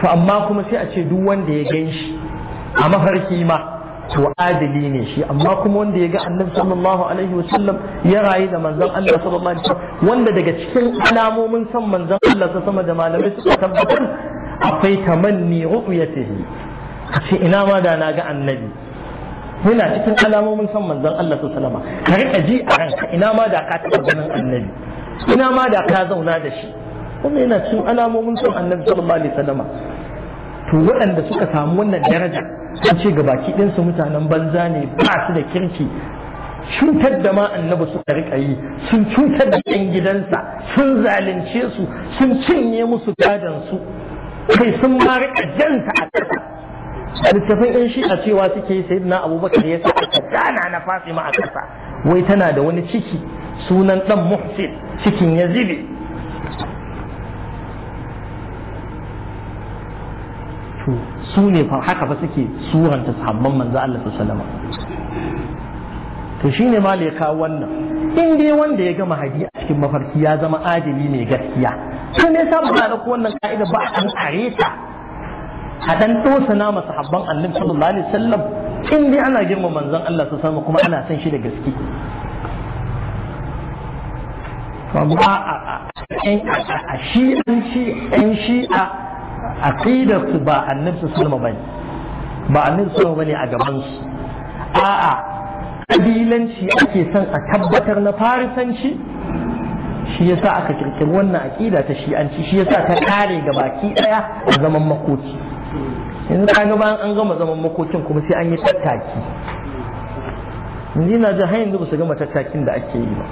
to amma kuma sai a ce duk wanda ya gan shi a mafarki ma to adali ne shi amma kuma wanda ya ga annabi sallallahu alaihi wasallam ya rayu da manzon Allah sallallahu alaihi wasallam wanda daga cikin alamomin san manzon Allah sa sama da malamai suka tabbatar akwai tamanni ru'yatihi ce ina ma da na ga annabi yana cikin alamomin san manzon Allah sallallahu alaihi wasallam ka rika ji a ranka ina ma da ka taba ganin annabi ina ma da ka zauna da shi Kuma yana cikin alamomin san annabi sallallahu alaihi wasallam to waɗanda suka samu wannan daraja Sun ce ga baki ɗinsu mutanen banza ne ba su da kirki cutar da ma annabi suka rika yi sun cutar da ɗan gidansa sun zalunce su sun cinye musu gadon su kai sun ma rika a ƙasa a littafin yan shi a cewa suke yi na abubakar ya sa aka dana na ma a ƙasa wai tana da wani ciki sunan ɗan muhsin cikin yazidi su ne fa haka fa suke suranta sahabban manzo Allah sallallahu alaihi to shine ma ya kawo wannan in dai wanda ya gama hadi a cikin mafarki ya zama adali mai gaskiya to ne sa da ko wannan ka'ida ba a dan ta? a dan na ma sahabban annabi sallallahu alaihi wasallam in dai ana girma manzon Allah sallallahu alaihi kuma ana san shi da gaske amma a shi an shi an a aqidar su ba annabi sallallahu alaihi wasallam ba annabi sallallahu alaihi wasallam a gaban su a'a kabilanci ake son a tabbatar na farisanci shi yasa aka kirkiri wannan aqida ta shi'anci shi yasa ta kare ga baki daya a zaman makoki yanzu ka ga bayan an gama zaman makokin kuma sai an yi tattaki yanzu ina ji har yanzu ba su gama tattakin da ake yi ba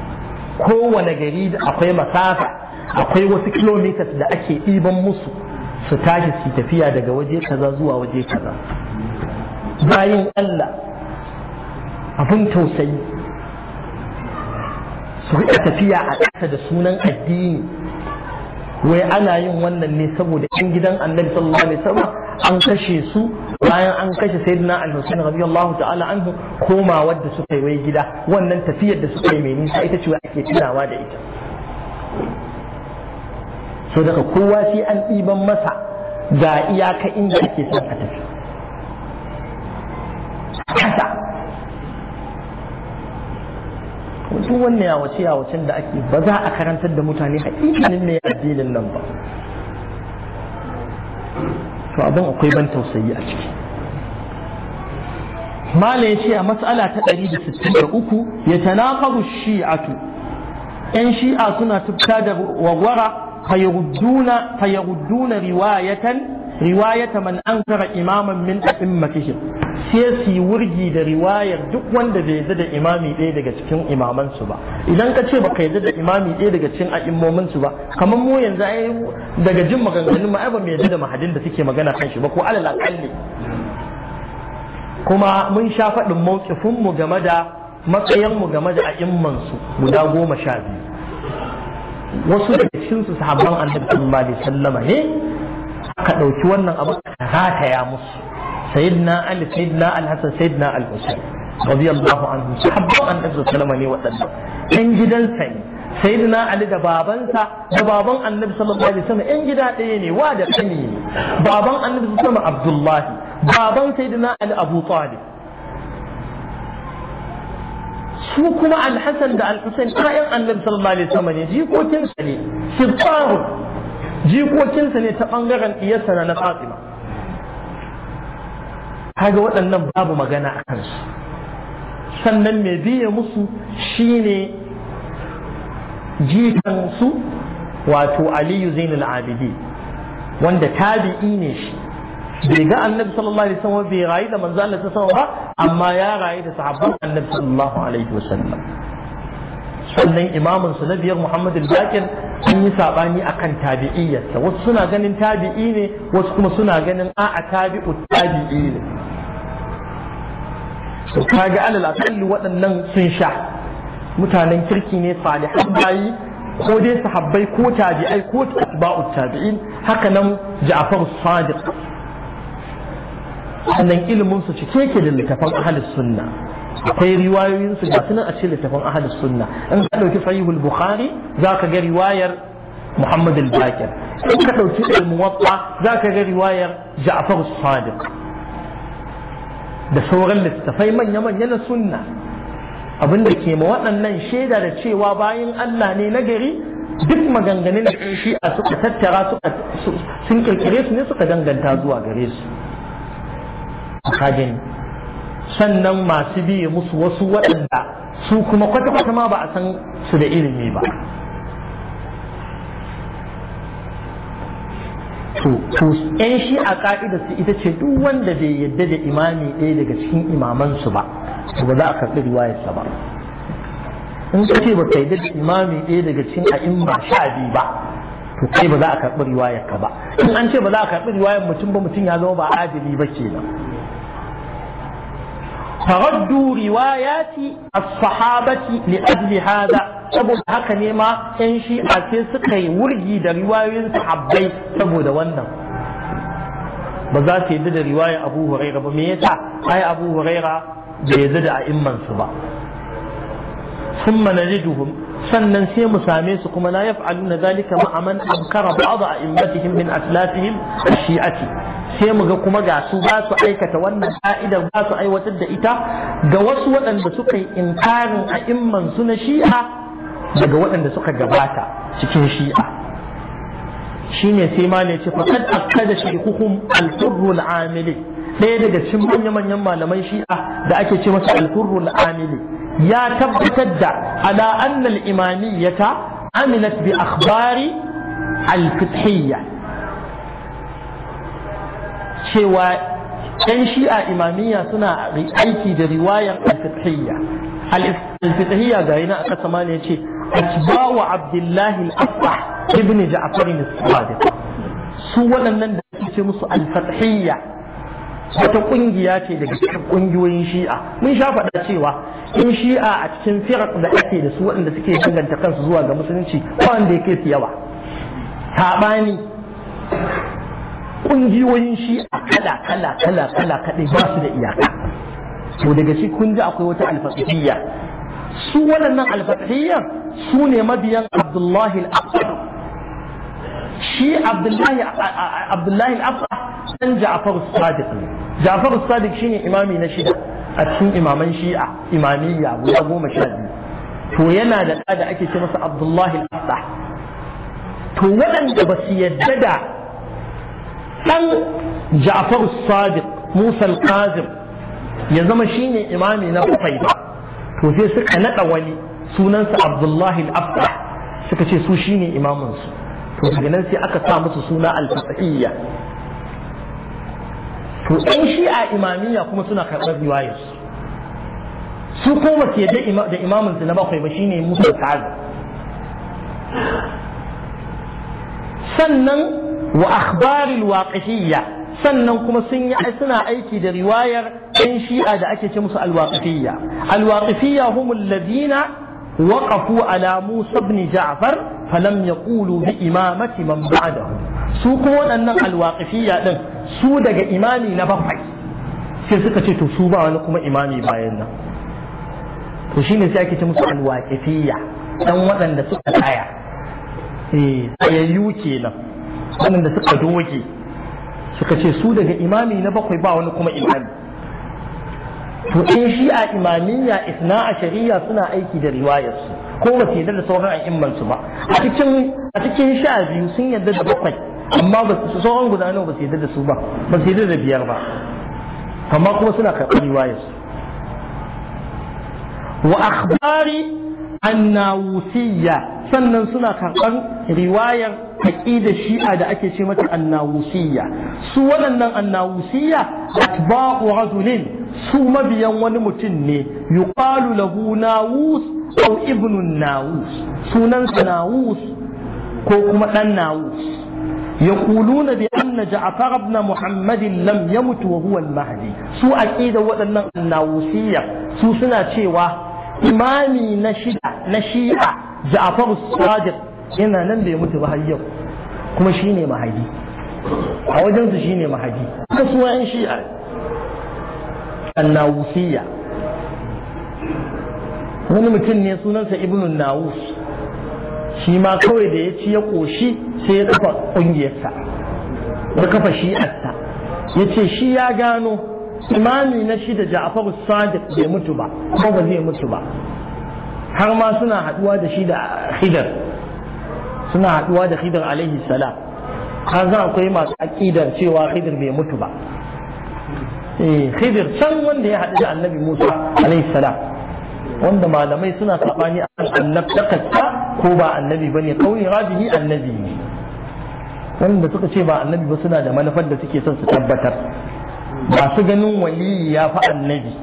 kowane gari akwai masafa akwai wasu kilomitas da ake ɗiban musu su tashi su tafiya daga waje kaza zuwa waje kaza bayan Allah abin tausayi su riƙa tafiya a ƙasa da sunan addini wai ana yin wannan ne saboda in gidan annabi sallallahu alaihi wasallam an kashe su bayan an kashe sayyidina al-husayn radiyallahu ta'ala anhu komawa da suka yi wai gida wannan tafiyar da suka yi mai nisa ita ce ake tunawa da ita sai daga kowa sai an ɗiban masa ga iyaka inda ake son a tafi kasa duk wannan yawace yawacen da ake ba za a karantar da mutane haƙiƙanin ne addinin nan ba to abin akwai ban tausayi a ciki mala ya ce a matsala ta 163 ya a shi'atu yan shi'a suna tubta da wagwara fayarudduna fayarudduna riwayatan riwayata man imaman min a'immatihim sai su yi wurgi da riwayar duk wanda bai yarda da imami ɗaya daga cikin imaman su ba idan ka ce baka yarda da imami ɗaya daga cikin a'immomin su ba kamar mu yanzu ai daga jin maganganun mu ai ba da mahadin da suke magana kan shi ba ko alal akalli kuma mun sha faɗin mawkifin mu game da matsayin mu game da a'imman su guda goma sha biyu wasu daga cikin su sahabban annabi sallallahu alaihi wasallama ne aka ɗauki wannan abu rataya musu sayyidina ali sayyidina al-hasan sayyidina al-husayn radiyallahu anhu sahabban annabi sallallahu alaihi wasallama ne waɗannan ɗan gidansa ne sayyidina ali da babansa da baban annabi sallallahu alaihi wasallam ɗan gida ɗaya ne wa da ƙani ne baban annabi sallallahu alaihi wasallam abdullahi baban sayyidina ali abu talib su kuma alhassan da alhussein kayan annabi sallallahu alaihi wasallam ne jikokinsa ne sirfarun jikokinsa ne ta bangaren iyasa na fatima kaga waɗannan babu magana a kansu sannan mai biye musu shine jikansu wato aliyu zainul abidi wanda tabi'i ne shi bai ga annabi sallallahu alaihi wasallam bai rayu da manzo Allah sallallahu alaihi wasallam ba amma ya rayu da sahabban annabi sallallahu alaihi wasallam sannan imamin su na biyar Muhammad al-Bakir an yi sabani akan tabi'iyyarsa wasu suna ganin tabi'i ne wasu kuma suna ganin a'a tabi'u tabi'i ne to kaga alal akalli waɗannan sun sha mutanen kirki ne salihan bayi ko dai sahabbai ko tabi'ai ko tabi'u tabi'in haka nan Ja'far Sadiq sannan ilimin su cike ke da littafan ahlus sunna akwai riwayoyin su ga sunan a cikin littafan ahlus sunna in ka dauki sahihul bukhari zaka ga riwayar muhammad al-bakir in ka dauki al-muwatta zaka ga riwayar ja'far as-sadiq da sauran littafai manya manya na sunna abinda ke ma waɗannan shaida da cewa bayan Allah ne na gari duk maganganun da a suka tattara sun kirkire su ne suka danganta zuwa gare su أحد sannan masu biye musu wasu waɗanda su kuma kwata-kwata ma ba a san su da ilimi ba to yan shi a ka'ida su ita ce duk wanda bai yadda da imami ɗaya daga cikin imamansu ba to ba za a karɓi riwayarsa ba in ka ce ba ka yadda da imami ɗaya daga cikin ba sha biyu ba to kai ba za a karɓi riwayarka ba in an ce ba za a karɓi riwayar mutum ba mutum ya zama ba adili ba kenan faraddu riwayati as-sahabati li ajli hada saboda haka ne ma yan shi'a sai suka yi wurgi da riwayoyin sahabbai saboda wannan ba za su yi da riwayar Abu Huraira ba me yasa ai Abu Huraira bai yarda da aimmansu su ba ثم duhun. sannan sai mu same su kuma la yaf'aluna zalika ma'a man ankara ba'd a'immatihim min aslafihim ash-shi'ati sai mu ga kuma ga su ba su aikata wannan ka'idar ba su aiwatar da ita ga wasu waɗanda suka yi inkarin a'imman su na shi'a daga waɗanda suka gabata cikin shi'a shine sai ma ne ce faqad akkada shaykhuhum al-hurr al-amili ɗaya daga cikin manya-manyan malaman shi'a da ake ce masa al-hurr al-amili يا تبتدى على أن الإمامية عملت بأخبار الفتحية شوى تنشئ إمامية سنة أيتي برواية الفتحية الفتحية قاينا أكثمانية شيء أتباع عبد الله الأصح ابن جعفر الصادق سوى لنا الفتحية wata kungiya ce daga cikin kungiyoyin shi'a mun sha faɗa cewa in shi'a a cikin firar da ake da su waɗanda suke danganta kansu zuwa ga musulunci wanda yake su yawa saɓani kungiyoyin shi'a kala kala kala kala kaɗai ba su da iyaka to daga shi kun ji akwai wata alfasihiyya su waɗannan alfasihiyyan su ne mabiyan abdullahi al-aqsa shi abdullahi al-aqsa dan ja'far sadiq ne jafar sadiq shine imami na shida a cikin imaman shi'a imamiyya guda goma sha biyu to yana da ɗa da ake ce masa abdullahi al-asah to waɗanda ba su yadda da ɗan jafar sadiq musa al-kazim ya zama shine imami na bakwai ba to sai suka naɗa wani sunansa abdullahi al suka ce su shine imamansu to daga sai aka sa musu suna al-fasahiyya to shi'a imamiyya kuma suna karɓar riwayar su kuma ba su da imamin su na bakwai ba shine musul kazi sannan wa akhbaril waqifiyya sannan kuma sun yi suna aiki da riwayar ɗan shi'a da ake ce musu alwaqifiyya alwaqifiyya hum alladhina وقفوا على موسى بن bi فلم يقولوا بإمامة Su kuma waɗannan أن الواقفية su daga imami na bakwai sai suka ce to su ba wani kuma imami bayan nan to shi ne sai ake ce musu alwaƙifiyya dan waɗanda suka tsaya eh ke kenan waɗanda suka doge suka ce su daga imami na bakwai ba wani kuma imami to in shi a imaniya isna a shari'a suna aiki da riwayarsu ko ba su yarda da sauran a'immansu ba a cikin sha biyu sun yadda da bakwai amma ba su sauran guda nawa ba su yadda da su ba ba su yadda da biyar ba amma kuma suna karɓar riwayar su wa akhbari annawusiyya sannan suna karɓar riwayar da shi'a da ake ce mata annawusiyya su waɗannan annawusiyya atba'u rajulin su mabiyan wani mutum ne yuqalu lahu nawus aw ibnun nawus sunansa nawus ko kuma ɗan nawus يقولون بأن جعفر بن محمد لم يمت وهو المهدي سوء أكيد وأن الناوسية سوء سنة شيوة إمامي نشيئة نشيئة جعفر الصادق إنا لم يمت بهيو كما شيني مهدي أو جنس شيني مهدي كسوة شيئة الناوسية wani mutum ne sunansa ibnun nawus shi ma kawai da ya ci ya ƙoshi sai ya kafa ƙungiyarsa ya kafa shi'arsa ya ce shi ya gano imami na shi da ja'faru sadiq bai mutu ba ko ba zai mutu ba har ma suna haɗuwa da shi da khidar suna haɗuwa da khidar alaihi salam har za akwai masu aƙidar cewa khidar bai mutu ba eh can wanda ya haɗu da annabi musa alaihi salam wanda malamai suna saɓani a annabtakarsa ko ba annabi bane kauli rajihi annabi ne wanda suka ce ba annabi ba suna da manufar da suke son su tabbatar masu ganin waliyi ya fi annabi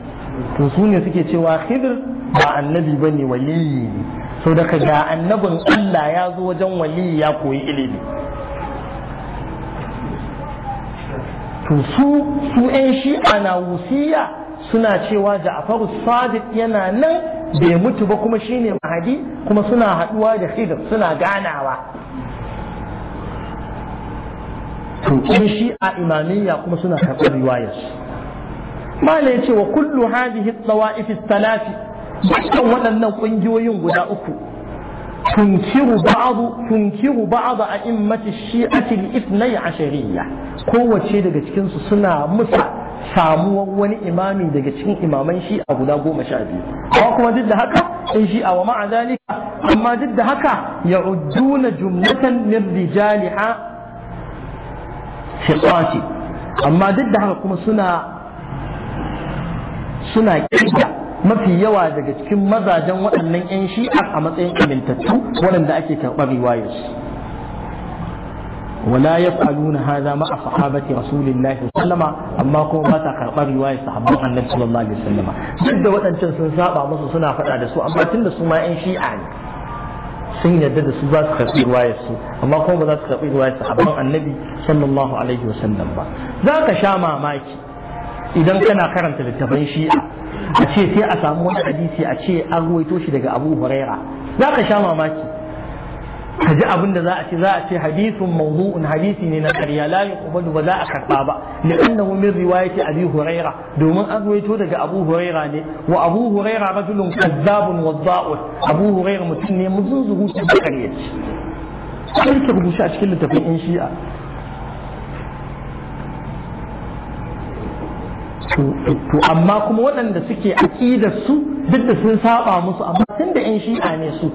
to su ne suke cewa hidir ba annabi bane waliyi ne so daga ga annabin Allah ya zo wajen waliyi ya koyi ilimi to su su 'yan shi'a na wusiya suna cewa ja'faru sadiq yana nan bai mutu ba kuma shine mahadi kuma suna haɗuwa da khidr suna ganawa to kuma shi a imamiyya kuma suna karɓar riwayar ma ne ce wa kullu Hitsawa ifis talafi dukkan waɗannan ƙungiyoyin guda uku tunkiru ba'du tunkiru ba'du a shi'ati al a ashariyya kowace daga cikinsu suna musa samuwar wani imami daga cikin imaman shi'a guda goma sha biyu amma kuma duk da haka in shi'a wa ma'a zalika amma duk da haka ya udduna jumlatan min rijaliha shiqati amma duk da haka kuma suna suna kirga mafi yawa daga cikin mazajen waɗannan 'yan shi'a a matsayin amintattu waɗanda ake karɓar riwayarsu ولا يفعلون هذا مع صحابة رسول الله صلى الله عليه وسلم أما كما ما تقرأ رواية صحابة النبي صلى الله عليه وسلم جد وأن تنسى سابع مصر سنة فتاة سوء أما تنسى ما شيء sun yarda da su za su karɓi ruwayar su amma kuma ba za su karɓi ruwayar sahabban annabi sallallahu alaihi wasallam ba za ka sha mamaki idan kana karanta littattafan shi'a a ce sai a samu wani hadisi a ce an ruwaito shi daga abu huraira za ka sha mamaki ka ji abin da za a ce za a ce hadithun mawdu'un hadisi ne na ƙarya la yuqbalu ba za a karba ba li'annahu min riwayati abi huraira domin an ruwaito daga abu huraira ne wa abu huraira rajulun kazzabun wadda'un abu huraira mutum ne muzunzuhu ta ƙaryaci sai ki rubuta a cikin littafin in shi'a to amma kuma waɗanda suke aƙidar su duk da sun saba musu amma tun da 'yan shi'a ne su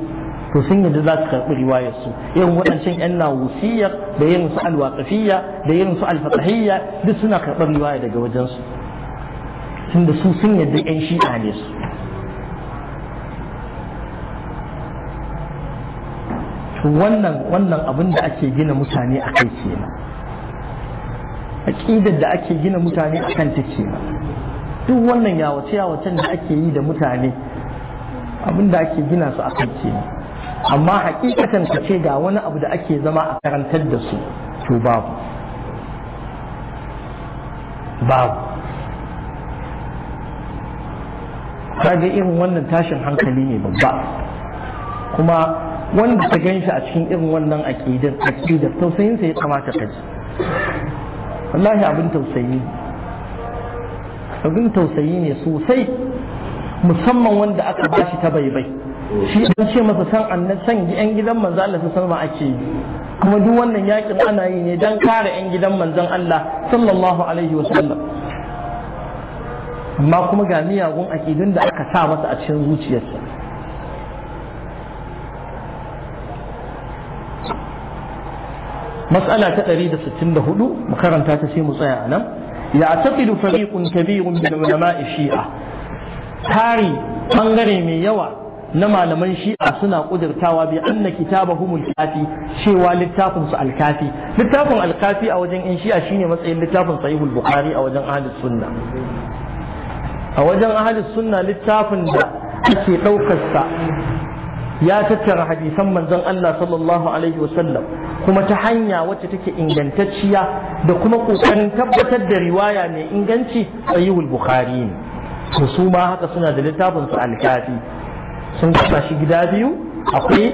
to sun yadda za su karɓi riwayar su irin waɗancan yan nawusiyya da yin su alwaqafiyya da yin su alfatahiyya duk suna karɓar riwaya daga wajensu. sun tunda su sun yadda yan shi'a ne su wannan wannan abin da ake gina mutane a kai kenan aƙidar da ake gina mutane a kanta kenan duk wannan yawace yawacen da ake yi da mutane abin da ake gina su a ce kenan amma hakikatan ta ce ga wani abu da ake zama a karantar da su to babu babu kaga irin wannan tashin hankali ne babba kuma wanda ta gan shi a cikin irin wannan aƙidar aƙidar tausayinsa ya kamata ka ji wallahi abin tausayi abin tausayi ne sosai musamman wanda aka bashi ta baibai shi an ce masa san annan san yan gidan manzo Allah sallallahu alaihi ake yi kuma duk wannan yakin ana yi ne dan kare yan gidan manzon Allah sallallahu alaihi wasallam amma kuma ga miyagun aqidun da aka sa masa a cikin zuciyarsa مسألة تأريد ستين هدو مكرن تاتسي نم يعتقد فريق كبير من علماء الشيعة تاري بانغري يوى na malaman shi'a suna kudirtawa bi anna kitabahum al-kafi cewa littafin su al-kafi littafin al-kafi a wajen in shi'a shine matsayin littafin sahih al-bukhari a wajen ahli sunna a wajen ahlus sunna littafin da ake daukar sa ya tattara hadisan manzon Allah sallallahu alaihi wasallam kuma ta hanya wacce take ingantacciya da kuma kokarin tabbatar da riwaya mai inganci sahih al-bukhari ne su ma haka suna da littafin su al-kafi sun kasa shi gida biyu akwai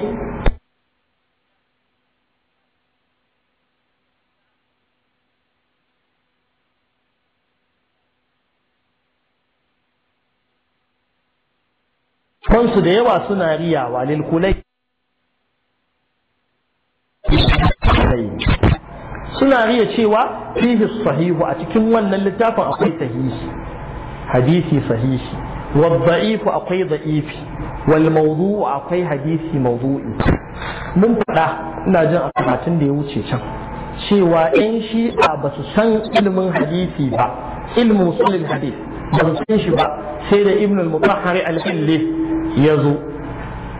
kansu da yawa suna riyawa lilkulai suna riya cewa fihi sahihu a cikin wannan littafin akwai sahihi hadisi sahihi wa akwai da'ifi wal mawdu akwai hadisi mawdu'i mun faɗa ina jin a karatun da ya wuce can cewa yan shi'a ba su san ilimin hadisi ba ilimin usulul hadis ba su san shi ba sai da ibn al-mutahhari al-hilli ya zo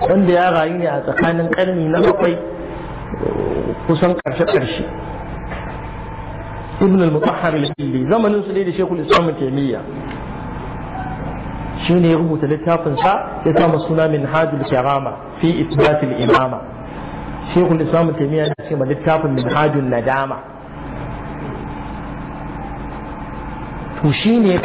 wanda ya rayu ne a tsakanin karni na bakwai kusan karshe-karshe ibn al-mutahhari al-hilli zamanin su ne da shekul islam taimiyya shine ya rubuta littafin sa ya samu suna minhajul karama fi isbatil imama shekul islamu taimiyya ya ce ma littafin minhajul nadama to shine